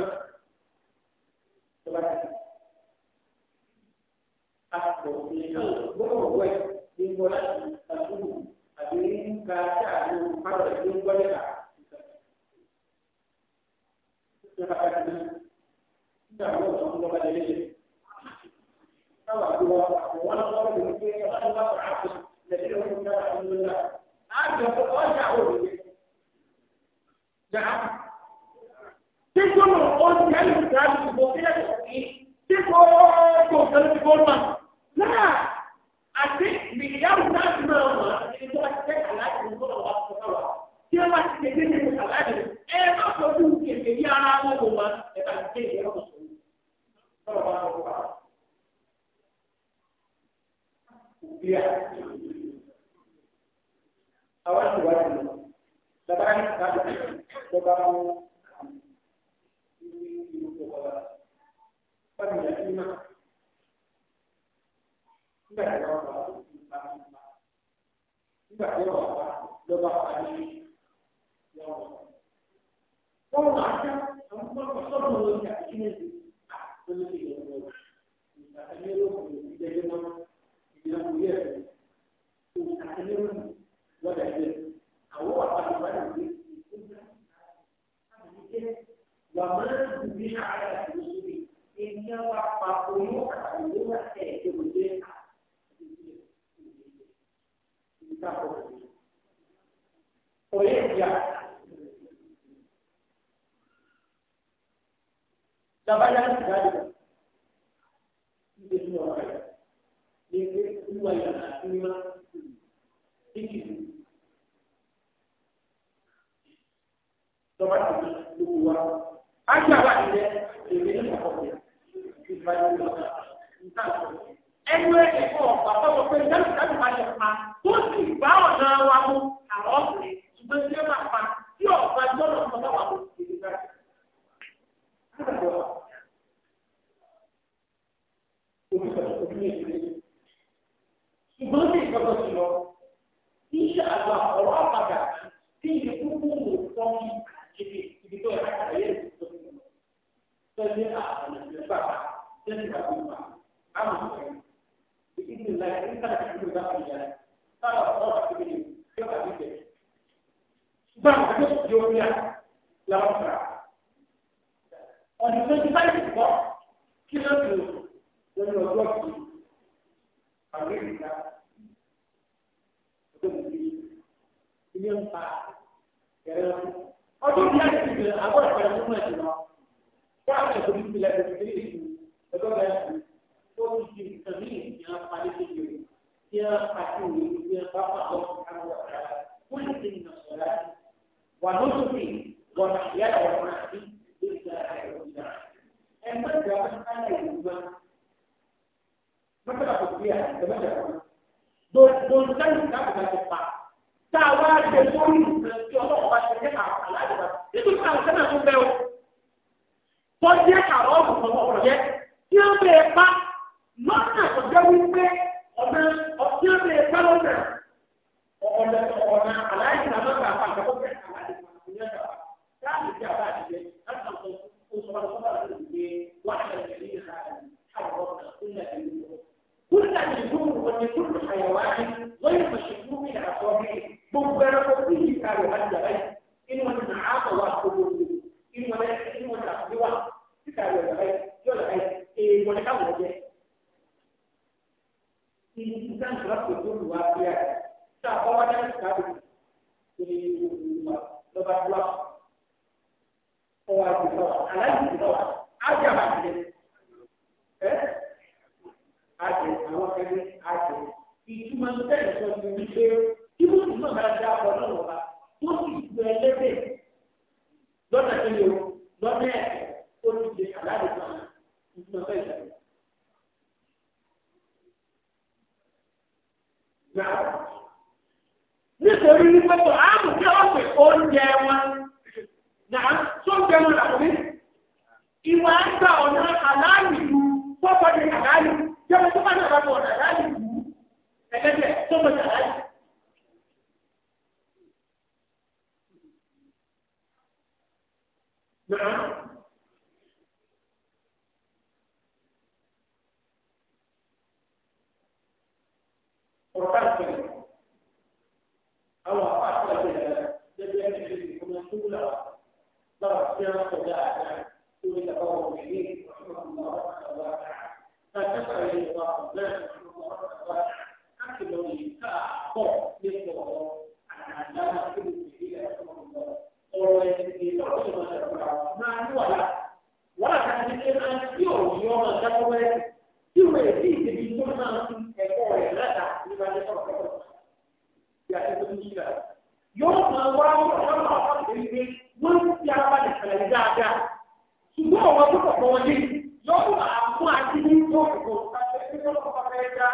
kuwa yana ima iki tọba ti kuwa aja wa ilẹ̀ èmi ní kọkọ yẹ ìgbà yẹn lọ nta ẹnu ẹni kọ bàbá wọn pé dáhùn dáhùn máa yẹ pa tó sì bá ọ̀nà wa mú àwọn ọ̀sẹ̀ ṣùgbọ́n tí ẹ máa pa tí ọ̀gá gbọ́dọ̀ ọ̀gá wa mú ìdíjà. Thank you ṣùgbọ́n ní ìjọba ti lọ iṣẹ́ àgbà ọ̀rọ̀ àpàdà tí ìlú kúkú lò fọ́ ní àjẹbí ibi tó yẹ ká yẹ tó ti lọ. Sẹ́ni àwọn ìgbẹ́ bàbá sẹ́ni bàbá ìgbà àwọn ìgbẹ́ ìdílé láì ní káàkiri ìlú ìgbà kan yẹn sábà ọ̀rọ̀ àti ìgbẹ́ yóò bá ti bẹ̀. Ṣùgbọ́n àwọn ìgbẹ́ à làwọn kà. Ọ̀nà tó ti bá kí ló tó lórí ọjọ́ kìí. Amerika itu mungkin ini yang tak kerana Ọdún tí a ti ti bẹ̀rẹ̀ àbọ̀ ìpàdé fún ẹ̀sìn náà, wọ́n á bẹ̀rẹ̀ torí ìpìlẹ̀ ẹ̀sìn tó yẹ kí ẹ̀kọ́ bẹ̀rẹ̀ sí tó ń ṣe nǹkan ní ìyá parí kékeré tí a pàṣẹ òwe tí a bá pàṣẹ òwe ká lọ sí ara wọ́n lè ṣe ìnà sọ̀rọ̀ àti wà lóṣooṣì wọ̀nà ìyá ìwọ̀n àti ìgbésí ara ẹ̀rọ ìdára. Ẹgbẹ́ ìjọba ń ká mọ́tàlá kò sí ẹ̀ ẹ̀mẹ́jẹ̀ kan. Dòńtẹ́yìn dábòbá ti pa. Tá a wá ṣe sórí ìgbésẹ̀ tí ọlọ́wọ́ bá ṣe ní àlàyé nítorí pé àwọn sẹ́nà tó bẹ́ o. Tọ́jú àrọ́ ọ̀gbọ̀n ọ̀rọ̀ yẹ kí ó bẹ̀ pa lọ́nà tó jẹ́ wípé ọ̀nà ọ̀kí ó bẹ̀ pa lọ́nà ọ̀nà àlàyé ìlànà àpàkọ́ ìṣúra yóò máa wá yóò máa wá pẹ̀lú pé wọ́n ti ara bá lè fẹ̀lẹ̀ dáadáa ṣùgbọ́n àwọn tó kọ̀kọ́ wọn lé yóò máa mú àti ní ìjọ́kòkò àti ẹgbẹ́ tó kọ́kọ́ fẹ́ dá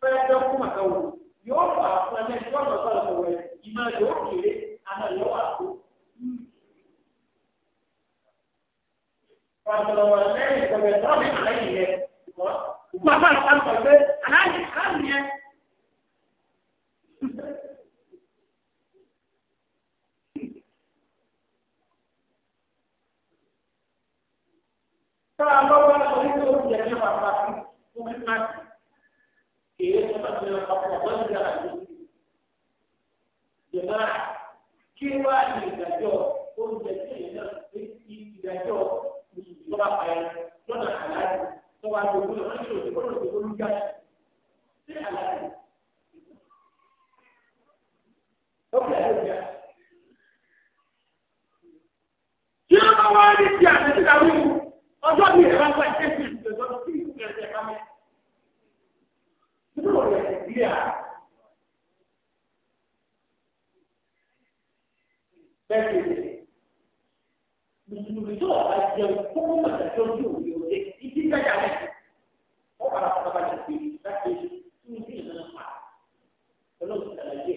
fẹ́ dá fún àtàwọn yóò máa fún ẹgbẹ́ tó kọ́kọ́ sọ̀rọ̀ sọ̀rọ̀ rẹ̀ ìmọ̀ yóò kéré àmọ́ yóò wà tó. Fàtàlọ́wọ̀ lẹ́yìn ìgbọ̀gbẹ̀ tó tá a bá wà lórí tó ń jẹ ní bàbá sí fún mi sí kéré tó bá ti lọ ọkọ ọgbọ́n ti dára tó sí jẹ̀mọ́ kí wá ní ìdájọ́ oúnjẹ tí èyí náà ti ìdájọ́ mùsùlùmí tó bá pa ẹ lọ́nà àlàyé tó wá lórí ọ̀rọ̀ tí òṣèlú òṣèlú ń jà sí àlàyé. Kí ló máa wá ní ti àtẹ̀síkà wíwú? ọjọ́ mi rẹ̀ bá gba sí ìṣe ìjọba tí ìlú rẹ̀ ṣe mẹ́. Nínú ọ̀rẹ́ Nàìjíríà, bẹ́ẹ̀ ni mùsùlùmí tó ọ̀gá jẹun tó mú màtàjọ́ ní òwe òde ìdí gbẹ́jà rẹ̀. Wọ́n padà padà bá ti pè láti tún sí ìlànà pa. Ọlọ́run ṣàlàyé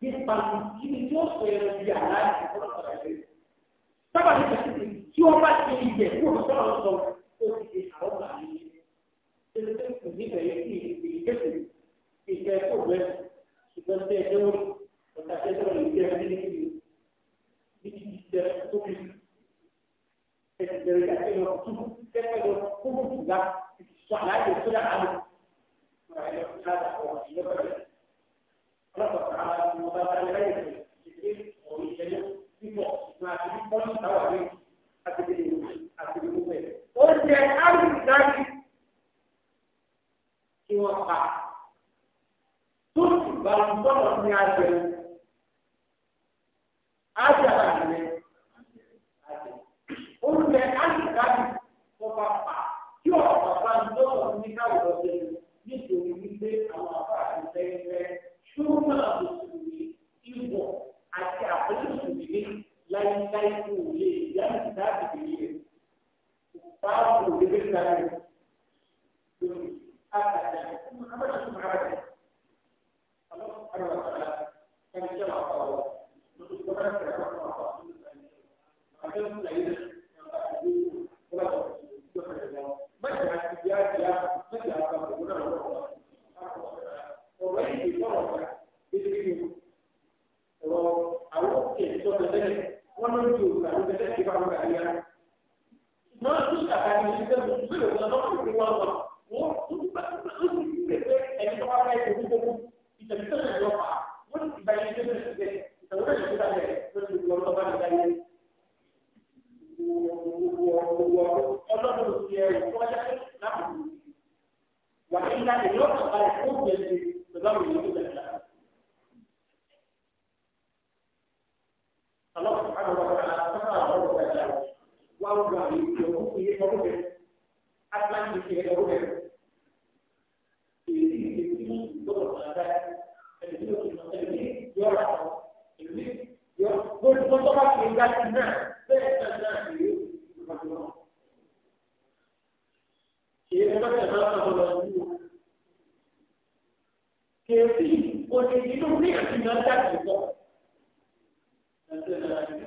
nípa ìdí tí ó sọ ẹ̀rọ di àlá ìfọ̀rọ̀ ṣàlàyé. Sábà ní kàṣí tí wọ́n bá ti di jẹ kó lọ́sọ̀ lọ́sọ̀ ó ti di àwọn ọ̀gá mi. Tẹ́lifẹ̀ kò ní bẹ̀rẹ̀ sí ìdíkẹ́kù ìfẹ́ kò bẹ́ẹ̀ ṣùgbọ́n tẹ́ ẹ dẹ́wọ́ ọ̀tá tẹ́ sọ̀rọ̀ ní ìjẹ́ ní níbi ní ti di jẹ tó fi ẹ̀sìn bẹ̀rẹ̀ kí ẹ lọ kẹ́kẹ́ lọ kó mọ̀ sọ àlàyé tó dà á lọ. Ọlọ́pàá kan á lọ bá bá lẹ́yìn ìdílé òun ìṣẹ́lẹ̀ pípọ̀ ìgbà àti pọ́ńtà wà lẹ́yìn àti bí àti bí gbogbo ẹ̀. Oúnjẹ áríṣidájú kí wọ́n pa. Tó sì bá ń bọ̀rọ̀ ní àjẹ. Ájẹ àbàlẹ̀ àjẹ. Oúnjẹ áríṣidájú wọ́n bá pa. Kí ọ̀pọ̀ bá ń bọ̀rọ̀ láíláí kò lè yára ìdá àbìbí rẹ̀. Báwo lè bẹ́ẹ̀ sára rẹ̀? Lórí àgbàdà ọmọ náà tó máa rẹ̀. Àlọ́ àrùn àgbàdà ẹni tí wọ́n kọ̀ ọ́. Mo tó gbọ́dọ̀ sọ̀rọ̀ àwọn ọmọ àwọn ọmọ ìlú. Àjọ ìlú ayé rẹ̀ ọ̀gá ìlú ọ̀gá ìjọba ìjọba. Mẹ́ta àti ìyá ìyá mẹ́ta àti àwọn ọmọ náà lọ́wọ́. Ọ̀rọ̀ yìí ti sọ̀rọ̀ ọ̀gá. Ìdílé mi. Ọ̀rọ̀ àwọn òkè ìjọba ìjọba wọ́n ló ń ju òkú àti tẹ́tẹ́ ìfà wọn kàlí ara. Náà tún sàkàlì ní ìfẹ́ mi tó lè wọ́n lọ́wọ́ tó lè wọ́n lọ. tún bá tún bá tún lè fẹ́ ẹni tó bá fẹ́ ìdòwú gbogbo. Ìtẹ̀lẹ́ tó lè lọ fà. Wọ́n ti bá yẹn tó lè fẹ́ ìtẹ̀wé lè fi kalẹ̀ lórí ìwọ lọ́ba nígbà yẹn. Ọlọ́run ò fi ẹ̀rù tó wájá lápò. Wà Allah Subhanahu wa taala sama Allah wa taala wa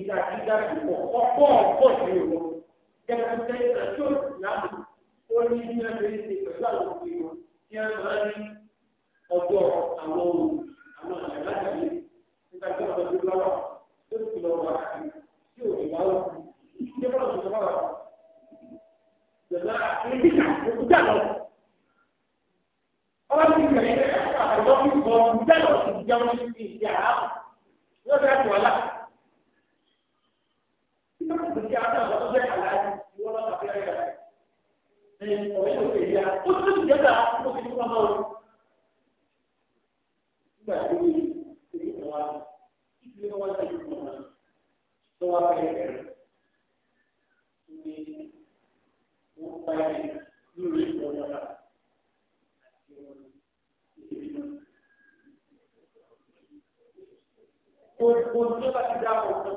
ìdàkídà púpọ̀ ọ̀pọ̀ ọ̀pọ̀ sí òun gẹ́gẹ́ bí ẹ̀ka tó láàmú ó ní bí wọ́n ṣe pẹ̀lú àwọn òbí wọn tí wọ́n máa ní ọjọ́ àwọn ohun àwọn àgbàlagbà nígbà tí wọ́n ti lọ́wọ́ tó ti lọ́wọ́ àti tí ò ní wá wọ́n ṣé wọ́n ti lọ́wọ́ jọba ìdíjà òkúta lọ ọlọ́run ti kẹ̀lé ẹ̀ka àjọ fún ìbọn òkúta lọ ìdíjà wọn ti fi ìdí àrà wọn lọ́sẹ̀ àti wàhálà ní ata àwọn bẹ́ẹ̀ aláàjì ni wọ́n lọ́ta fẹ́rẹ́ rẹ̀ ní ọ̀rẹ́ tó fẹ́ yá ó tún ti dẹ́ta ó ti dúpọ̀ náà nígbà tó yẹ èyí kan wá títí lé wọn lẹ́yìn kan náà tó wá fẹ́rẹ́ rẹ̀ ní wọ́n pa ẹ̀ lórí ìwọ̀n náà. Por, por toda a cidade, por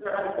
Gracias.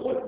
Thank you.